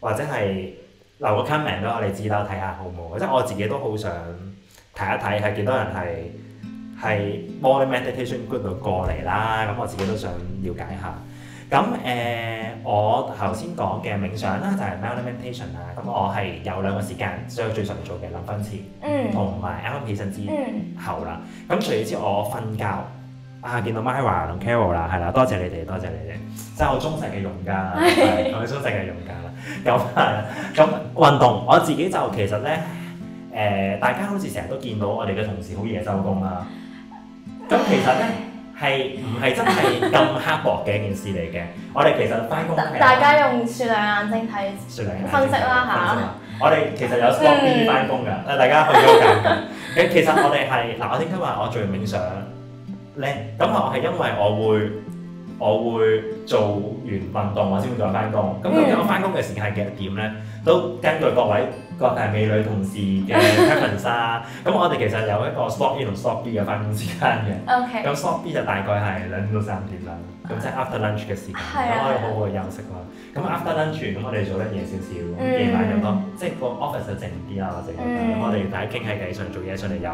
或者係留個 comment 咯，俾我哋知道睇下好唔好？即係我自己都好想。睇一睇係幾多人係係 Mind meditation group 度過嚟啦，咁我自己都想了解下。咁誒、呃，我頭先講嘅冥想啦，就係、是、Mind Meditation 啦。咁我係有兩個時間，所以最常做嘅兩分次同埋 m 起身之後啦。咁、嗯、除咗之我瞓覺啊，見到 Myra 同 Carol 啦，係啦，多謝你哋，多謝你哋，真係我忠實嘅用家， 我係忠實嘅用家啦。咁咁運動，我自己就其實咧。誒、呃，大家好似成日都見到我哋嘅同事好夜收工啦。咁其實咧係唔係真係咁刻薄嘅一件事嚟嘅？我哋其實翻工，大家用雪亮眼睛睇雪亮分析啦吓，我哋其實有方便要翻工噶，大家去咗㗎。誒其實我哋係嗱，我聽親話我最冥想叻，咁我係因為我會我會做完運動，我先會再翻工。咁究竟我翻工嘅時間係幾多點咧？都根據各位。各大美女同事嘅 Kevin 啊。咁我哋其實有一個 Shop A 同 Shop B 嘅返工時間嘅。OK。咁 Shop B 就大概係兩點到三點啦，咁即係 after lunch 嘅時間，咁可以好好嘅休息啦。咁 after lunch 咁我哋做得夜少少，夜晚又多，即係個 office 就靜啲啊，或者咁。咁我哋大家傾起計上，做嘢上嚟又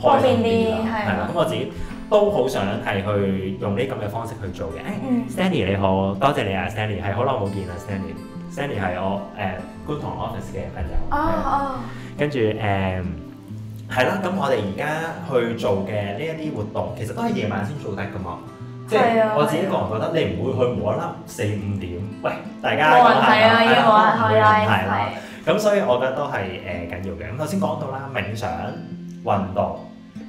開心啲啦，係啦。咁我自己都好想係去用呢咁嘅方式去做嘅。誒，Stanley 你好，多謝你啊，Stanley，係好耐冇見啦，Stanley。Sandy 係我誒觀塘 Office 嘅朋友，啊啊啊、跟住誒係啦。咁、啊、我哋而家去做嘅呢一啲活動，其實都係夜晚先做得噶嘛。嗯、即係、啊、我自己個人覺得，你唔會去無一粒四五點。喂，大家係、啊、啦，係啦，係啦。咁所以我覺得都係誒緊要嘅。咁頭先講到啦，冥想、運動，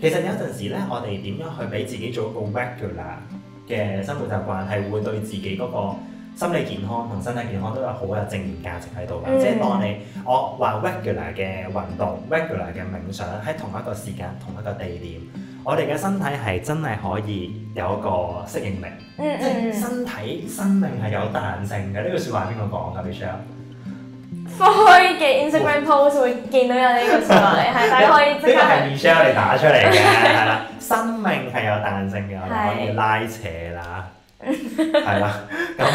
其實有陣時咧，我哋點樣去俾自己做一個 regular 嘅生活習慣，係會對自己嗰、那個。心理健康同身體健康都有好有正面價值喺度啦，嗯、即係當你我話 regular 嘅運動、regular 嘅冥想喺同一個時間、同一個地點，我哋嘅身體係真係可以有一個適應力，嗯、即係身體生命係有彈性嘅。呢個説話係邊個講噶？Michelle，開嘅 Instagram post、嗯、會見到有呢個説話，係你 可以即刻。呢個係 Michelle 你打出嚟嘅，係啦，生命係有彈性嘅，唔 可以拉扯啦。係啦，咁、 啊、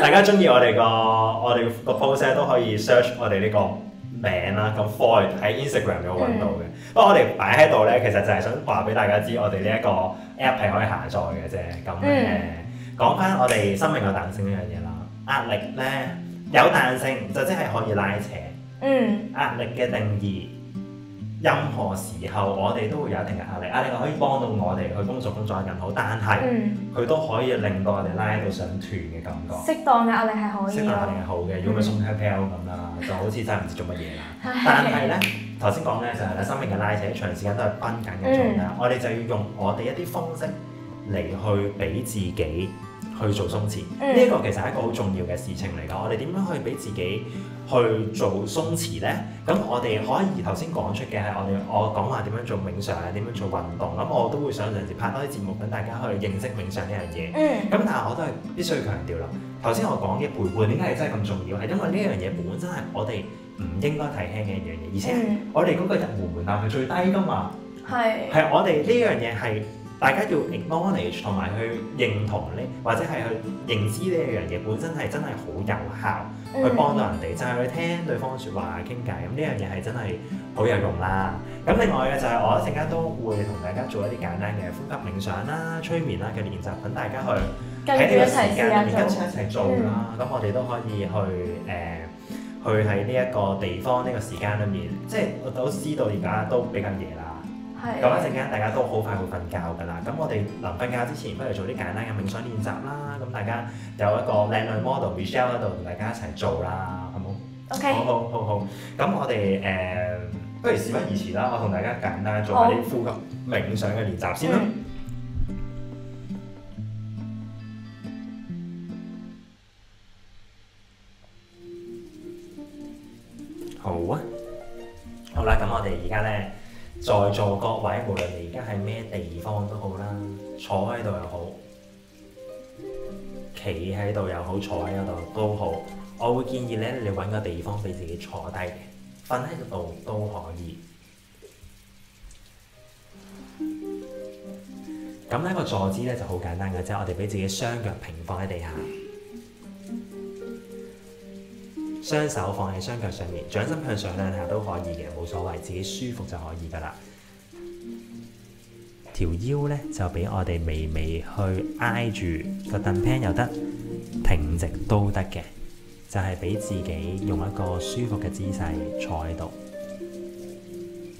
大家中意我哋個 我哋個 post 都可以 search 我哋呢個名啦，咁 f o、mm、l l、hmm. 喺 Instagram 度揾到嘅。不過我哋擺喺度咧，其實就係想話俾大家知，我哋呢一個 app 係可以下載嘅啫。咁誒，講翻、mm hmm. 我哋生命嘅彈性呢樣嘢啦，壓力咧有彈性就即係可以拉扯。嗯、mm，壓、hmm. 力嘅定義。任何時候，我哋都會有一定嘅壓力，壓力可以幫到我哋去工作工作更好，但係佢、嗯、都可以令到我哋拉到上斷嘅感覺。適當嘅壓力係可以，適當嘅壓力係好嘅，如果佢係鬆 h 咁啦，就好似真係唔知做乜嘢啦。 但係咧，頭先講咧就係生命嘅拉扯，長時間都係繃緊嘅狀態，嗯、我哋就要用我哋一啲方式嚟去俾自己去做鬆弛。呢一、嗯嗯、個其實係一個好重要嘅事情嚟㗎，我哋點樣去俾自己？去做鬆弛呢。咁我哋可以頭先講出嘅係我哋我講話點樣做冥想，點樣做運動，咁我都會想嘗試拍多啲節目，等大家去認識冥想呢樣嘢。嗯。咁但係我都係必須要強調啦，頭先我講嘅陪伴點解係真係咁重要，係因為呢一樣嘢本身係我哋唔應該睇輕嘅一樣嘢，而且我哋嗰個入門門檻係最低噶嘛。係是。係我哋呢樣嘢係大家要 acknowledge 同埋去認同呢，或者係去認知呢一樣嘢本身係真係好有效。嗯、去幫到人哋，就係、是、去聽對方説話傾偈，咁呢樣嘢係真係好有用啦。咁、嗯、另外嘅就係、是、我一陣間都會同大家做一啲簡單嘅呼吸冥想啦、催眠啦嘅練習，等大家去喺呢個時間裏面跟住一齊做，做啦。咁、嗯、我哋都可以去誒、呃，去喺呢一個地方呢個時間裏面，即係我都知道而家都比較夜啦。講一陣間，大家都好快會瞓覺㗎啦。咁我哋臨瞓覺之前，不如做啲簡單嘅冥想練習啦。咁大家有一個靚女 model Michelle 喺度，同大家一齊做啦，好冇？OK。好好好好。咁我哋誒、呃，不如事不宜遲啦，我同大家簡單做下啲呼吸冥想嘅練習先啦。在座各位，無論你而家喺咩地方都好啦，坐喺度又好，企喺度又好，坐喺度都好。我會建議咧，你揾個地方俾自己坐低，瞓喺度都可以。咁呢 個坐姿咧就好簡單嘅啫，我哋俾自己雙腳平放喺地下。雙手放喺雙腳上面，掌心向上兩下都可以嘅，冇所謂，自己舒服就可以噶啦。條腰呢，就俾我哋微微去挨住個凳 pan 又得，平直都得嘅，就係、是、俾自己用一個舒服嘅姿勢坐喺度，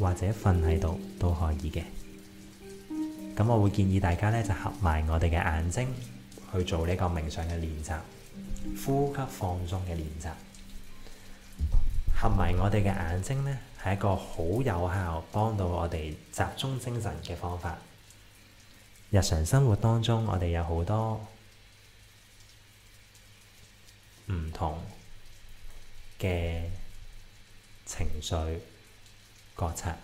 或者瞓喺度都可以嘅。咁我會建議大家呢，就合埋我哋嘅眼睛去做呢個冥想嘅練習，呼吸放鬆嘅練習。同埋，我哋嘅眼睛呢，係一個好有效幫到我哋集中精神嘅方法。日常生活當中，我哋有好多唔同嘅情緒覺察。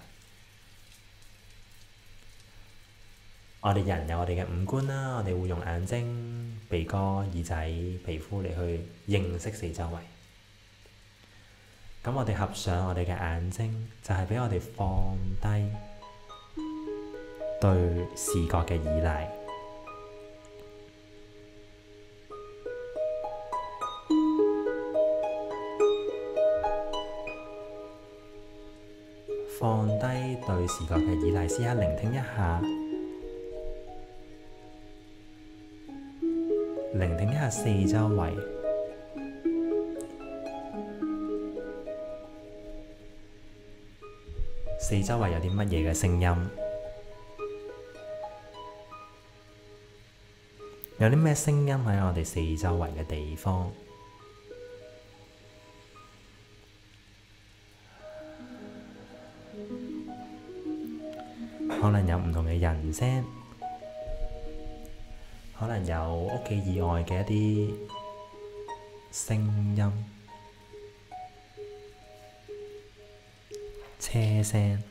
我哋人有我哋嘅五官啦，我哋會用眼睛、鼻哥、耳仔、皮膚嚟去認識四周圍。咁我哋合上我哋嘅眼睛，就係畀我哋放低對視覺嘅依賴，放低對視覺嘅依賴，試下聆聽一下，聆聽一下四周圍。四周圍有啲乜嘢嘅聲音？有啲咩聲音喺我哋四周圍嘅地方？可能有唔同嘅人聲，可能有屋企以外嘅一啲聲音。車聲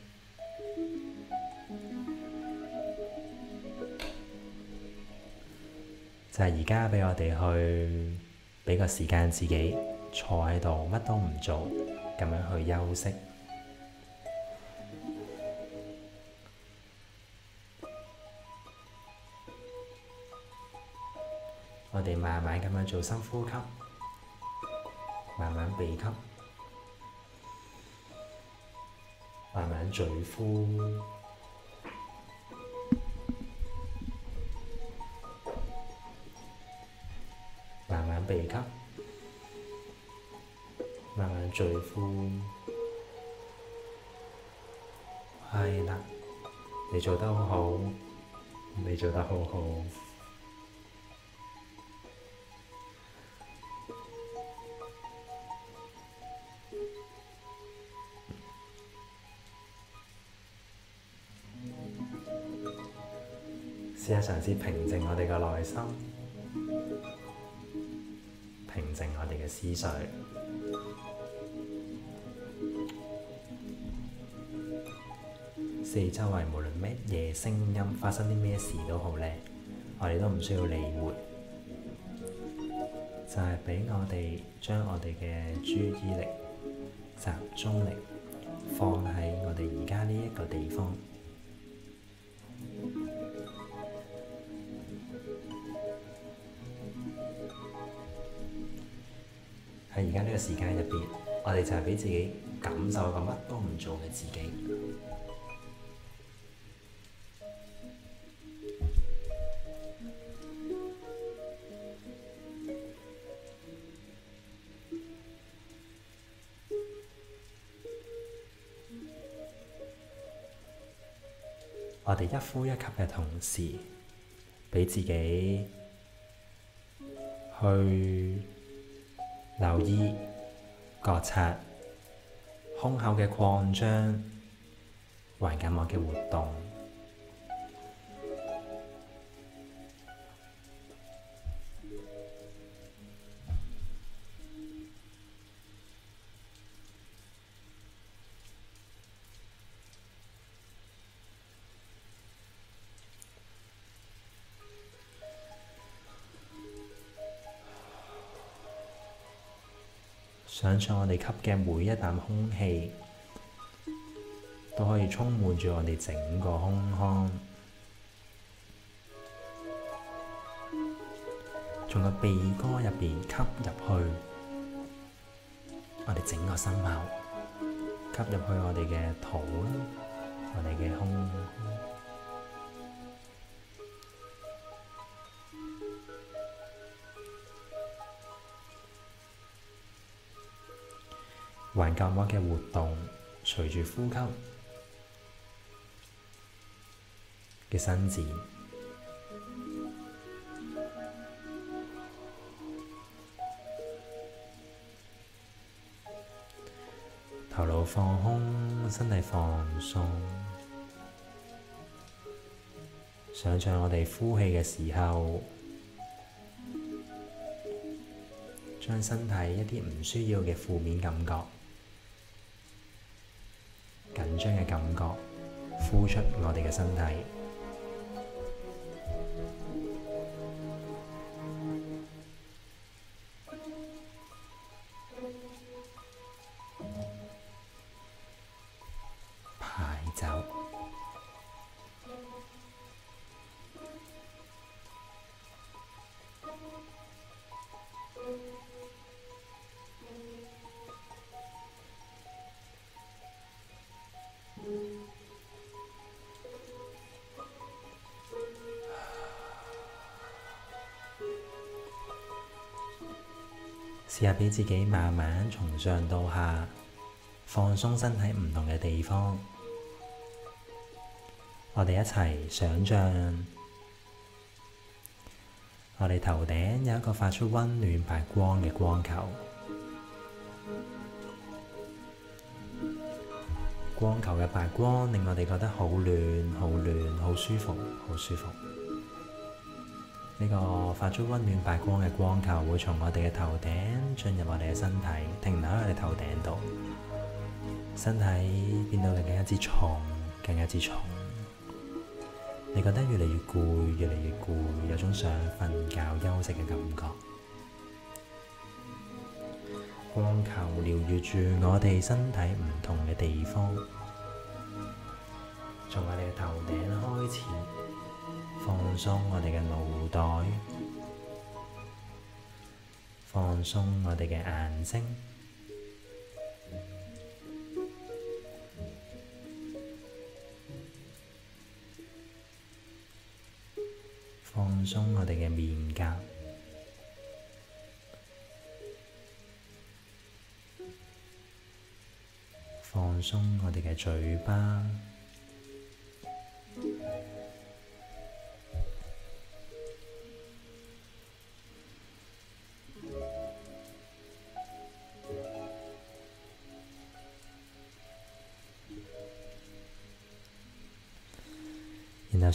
就係而家，畀我哋去畀個時間自己坐喺度，乜都唔做，咁樣去休息。我哋慢慢咁樣做深呼吸，慢慢鼻吸。嘴呼，慢慢鼻吸，慢慢嘴呼，係啦，你做得好好，你做得好好。試下嘗試平靜我哋嘅內心，平靜我哋嘅思緒。四周圍無論乜嘢聲音，發生啲咩事都好咧，我哋都唔需要理會。就係俾我哋將我哋嘅注意力、集中力放喺我哋而家呢一個地方。時間入邊，我哋就係俾自己感受個乜都唔做嘅自己。我哋一呼一吸嘅同時，俾自己去留意。覺察、胸口嘅擴張、橫膈膜嘅活動。我哋吸嘅每一啖空氣，都可以充滿住我哋整個胸腔，從個鼻哥入邊吸入去，我哋整個心口吸入去我哋嘅肚啦，我哋嘅胸。橫膈膜嘅活動，隨住呼吸嘅伸展，頭腦放空，身體放鬆，想象我哋呼氣嘅時候，將身體一啲唔需要嘅負面感覺。緊張嘅感覺呼出我哋嘅身體。試下俾自己慢慢從上到下放鬆身體唔同嘅地方，我哋一齊想象，我哋頭頂有一個發出温暖白光嘅光球，光球嘅白光令我哋覺得好暖、好暖、好舒服、好舒服。呢個發出溫暖白光嘅光球會從我哋嘅頭頂進入我哋嘅身體，停留喺我哋頭頂度，身體變到你更加之重，更加之重。你覺得越嚟越攰，越嚟越攰，有種想瞓覺休息嘅感覺。光球療愈住我哋身體唔同嘅地方，從我哋嘅頭頂開始。放鬆我哋嘅腦袋，放鬆我哋嘅眼睛，放鬆我哋嘅面頰，放鬆我哋嘅嘴巴。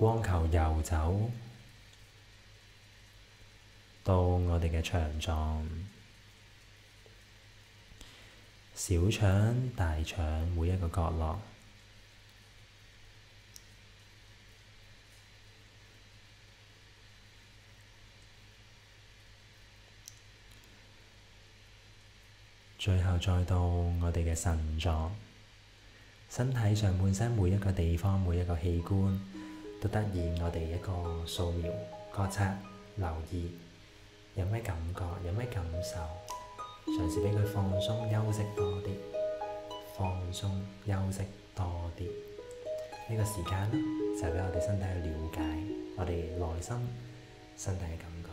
光球游走到我哋嘅腸臟、小腸、大腸，每一個角落，最後再到我哋嘅腎臟，身體上半身每一個地方、每一個器官，都得以我哋一個掃描、覺察、留意，有咩感覺有咩感受，嘗試俾佢放鬆休息多啲，放鬆休息多啲，呢個時間咧就俾我哋身體去了解我哋內心身體嘅感覺。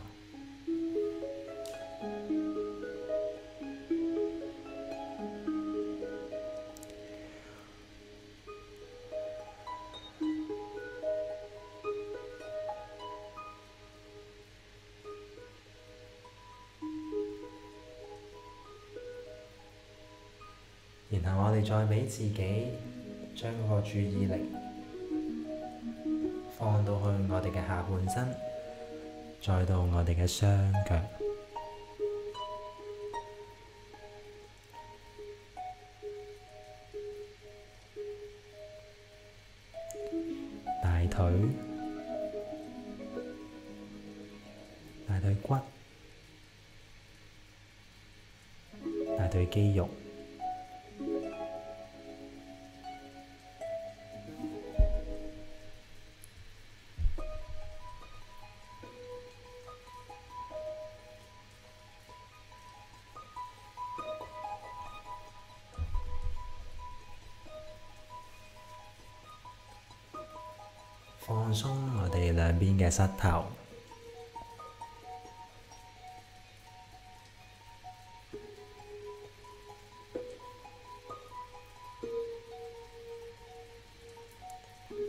俾自己將個注意力放到去我哋嘅下半身，再到我哋嘅雙腳。兩邊嘅膝頭，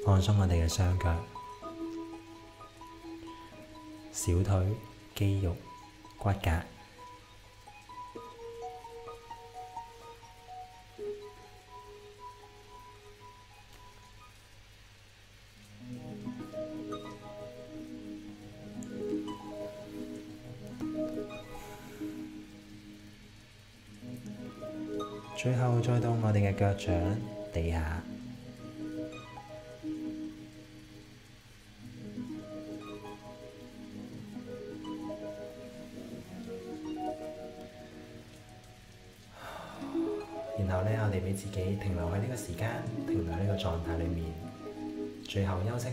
放鬆我哋嘅雙腳、小腿肌肉、骨骼。腳掌地下，然後呢，我哋畀自己停留喺呢個時間，停留喺呢個狀態裏面，最後休息，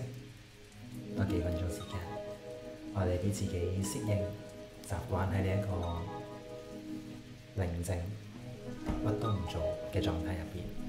多幾分鐘時間，我哋畀自己適應習慣喺呢一個寧靜。乜都唔做嘅狀態入邊。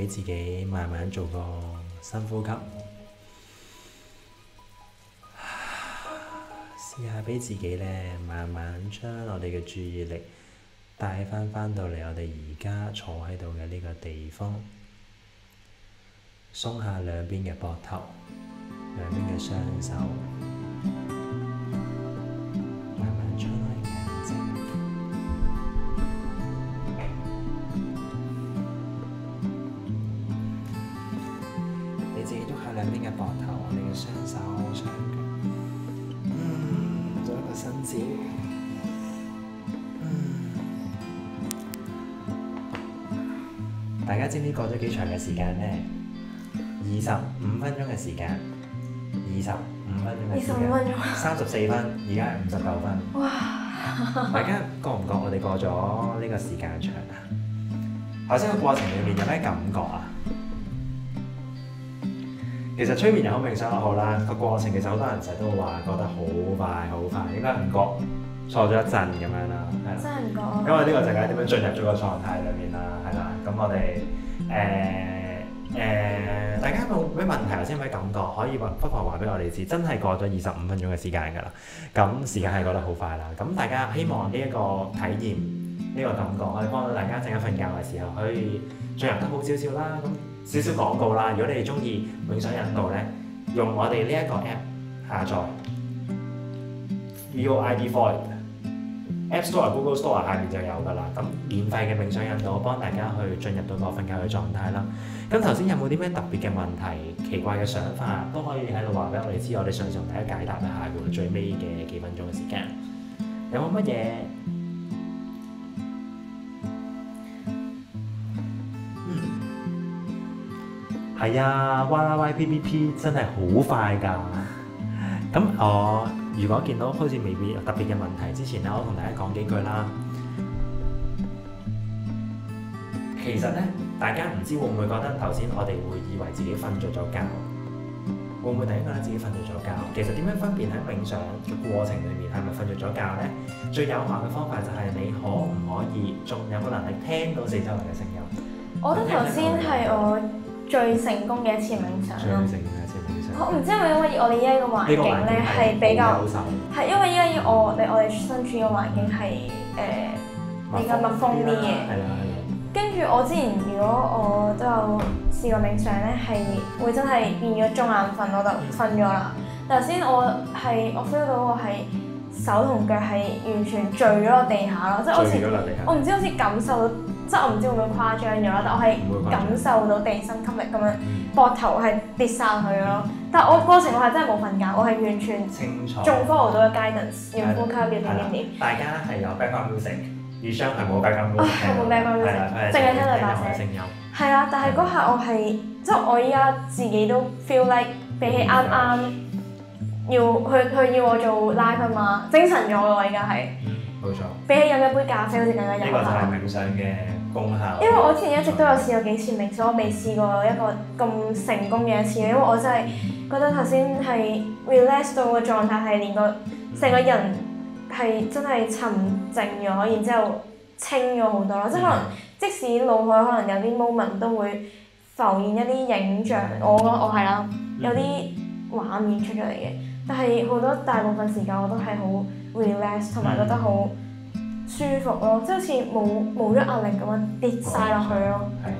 俾自己慢慢做個深呼吸，試下俾自己呢，慢慢將我哋嘅注意力帶返返到嚟，我哋而家坐喺度嘅呢個地方，鬆下兩邊嘅膊頭，兩邊嘅雙手。接觸下兩邊嘅膊頭，我哋嘅雙手、雙腳，嗯，再一個身子、嗯，大家知唔知過咗幾長嘅時間呢？二十五分鐘嘅時間，二十五分鐘嘅時間，三十四分，而家係五十九分。哇！大家覺唔覺我哋過咗呢個時間長啊？頭先個過程裏面有咩感覺啊？其實催眠又好，冥想又好啦。個過程其實好多人成日都話覺得好快，好快，應該唔覺錯咗一陣咁樣啦。係啦，真係唔覺。因為呢個就係點樣進入咗個狀態裏面啦。係啦，咁我哋誒誒，大家有冇咩問題？頭先有咩感覺可以話不妨話俾我哋知。真係過咗二十五分鐘嘅時間㗎啦。咁時間係過得好快啦。咁大家希望呢一個體驗呢個感覺可以幫到大家，陣間瞓覺嘅時候可以睡得好少少啦。少少廣告啦，如果你哋中意冥想引導咧，用我哋呢一個 App 下載，You ID Void App Store Google Store 下面就有噶啦。咁免費嘅冥想引導幫大家去進入到個瞓覺嘅狀態啦。咁頭先有冇啲咩特別嘅問題、奇怪嘅想法都可以喺度話俾我哋知，我哋順便同大家解答一下。用最尾嘅幾分鐘嘅時間，有冇乜嘢？係啊，Y Y P P P 真係好快㗎。咁 我如果見到開始未必有特別嘅問題，之前咧，我同大家講幾句啦。其實呢，大家唔知會唔會覺得頭先我哋會以為自己瞓著咗覺，會唔會第一個咧自己瞓著咗覺？其實點樣分辨喺冥想嘅過程裡面係咪瞓著咗覺呢？最有效嘅方法就係你可唔可以仲有冇能力聽到四周圍嘅聲音？我也 會會覺得頭先係我。最成功嘅一次冥想咯，最成功嘅一次冥想，我唔知係咪因為我哋依家個環境咧係比較，係因為依家我哋我哋身處嘅環境係誒、呃啊、比較密封啲嘅，係啦，係跟住我之前如果我都有試過冥想咧，係會真係變咗中眼瞓，我就瞓咗啦。頭先、嗯、我係我 feel 到我係手同腳係完全墜咗落地下咯，即係好似我唔知好似感受到。即係我唔知會唔會誇張咗啦，但係我係感受到地心吸力咁樣，膊頭係跌晒佢咯。但我個過程係真係冇瞓覺，我係完全清楚。仲 follow 到嘅 guidance，要呼吸要點點點。大家係有 background music，以上係冇 background music。冇 background music，淨係聽到把聲。係啊，但係嗰下我係，即係我依家自己都 feel like，比起啱啱要佢佢要我做 live 啊嘛，精神咗喇，我依家係。冇錯。比起飲一杯咖啡，好似更加有。呢個冥想嘅。因為我之前一直都有試過幾次冥想，所以我未試過一個咁成功嘅一次。因為我真係覺得頭先係 relax 到嘅狀態係連個成個人係真係沉靜咗，然之後清咗好多，即係可能即使腦海可能有啲 moment 都會浮現一啲影像，我覺得我係啦，有啲畫面出咗嚟嘅，但係好多大部分時間我都係好 relax，同埋覺得好。舒服咯，即係好似冇冇咗壓力咁樣跌晒落去咯。係啊，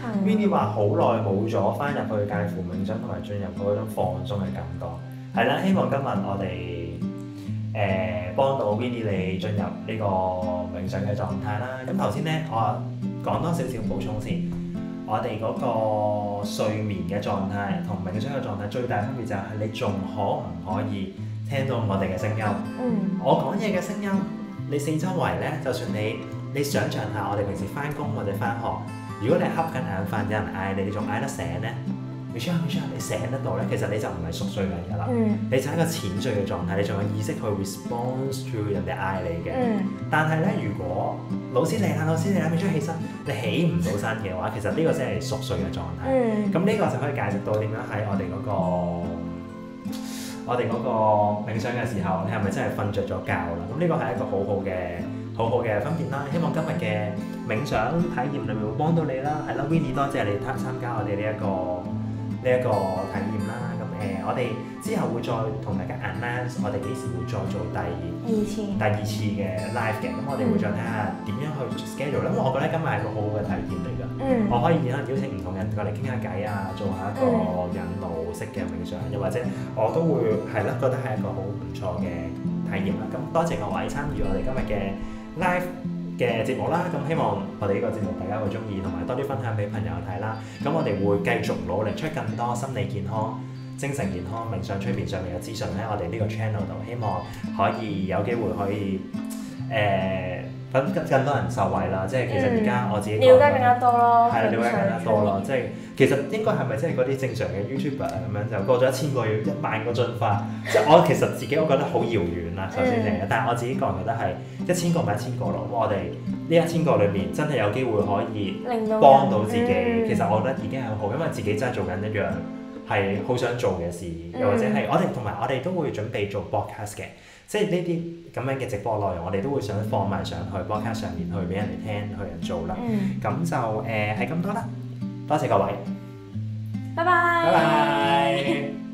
係。Vinnie 話好耐冇咗翻入去介乎冥想同埋進入嗰種放鬆嘅感覺。係啦，希望今日我哋誒、呃、幫到 Vinnie 你進入呢個冥想嘅狀態啦。咁頭先咧，我講多少少補充先，我哋嗰個睡眠嘅狀態同冥想嘅狀態最大分別就係你仲可唔可以聽到我哋嘅聲音？嗯。我講嘢嘅聲音。你四周圍咧，就算你你想象下，我哋平時翻工或者翻學，如果你瞌緊眼瞓，有人嗌你，你仲嗌得醒咧？which one which one 你醒得到咧？其實你就唔係熟睡人㗎啦，嗯、你就喺一個淺睡嘅狀態，你仲有意識去 respond to 人哋嗌你嘅。嗯、但係咧，如果老師你啦，老師你啦 which one 起身，你起唔到身嘅話，其實呢個先係熟睡嘅狀態。咁呢、嗯、個就可以解釋到點樣喺我哋嗰、那個。我哋個冥想嘅時候，你係咪真係瞓着咗覺啦？咁、這、呢個係一個好好嘅、好好嘅分別啦。希望今日嘅冥想體驗裡面會幫到你啦。係啦，Winnie 多謝你參參加我哋呢一個呢一、嗯、個體驗啦。誒，我哋之後會再同大家 announce，我哋幾時會再做第二次第二次嘅 live 嘅。咁我哋會再睇下點樣去 schedule 啦。因為我覺得今日係一個好好嘅體驗嚟噶，嗯、我可以邀請唔同人過嚟傾下偈啊，做下一個引導式嘅冥想，又或者我都會係咯，覺得係一個好唔錯嘅體驗啦。咁多謝各位參與我哋今日嘅 live 嘅節目啦。咁希望我哋呢個節目大家會中意，同埋多啲分享俾朋友睇啦。咁我哋會繼續努力出更多心理健康、精神健康、冥想、催眠上面嘅資訊喺我哋呢個 channel 度，希望可以有機會可以誒，咁、呃、更更多人受惠啦。即係其實而家我自己，了解、嗯、更加多咯，係啦平常，了解更加多啦。即係其實應該係咪即係嗰啲正常嘅 YouTuber 咁樣就過咗一千個要一萬個進化？即係 我其實自己我覺得好遙遠啦，頭先講嘅。但係我自己個人覺得係一千個咪一千個咯。咁我哋呢一千個裏面真係有機會可以令到幫到自己。嗯、其實我覺得已經係好，因為自己真係做緊一樣。係好想做嘅事，又或者係我哋同埋我哋都會準備做 podcast 嘅，即係呢啲咁樣嘅直播內容，我哋都會想放埋上去 podcast、嗯、上面去俾人哋聽，去人做啦。咁、嗯、就誒係咁多啦，多謝各位，拜拜，拜拜。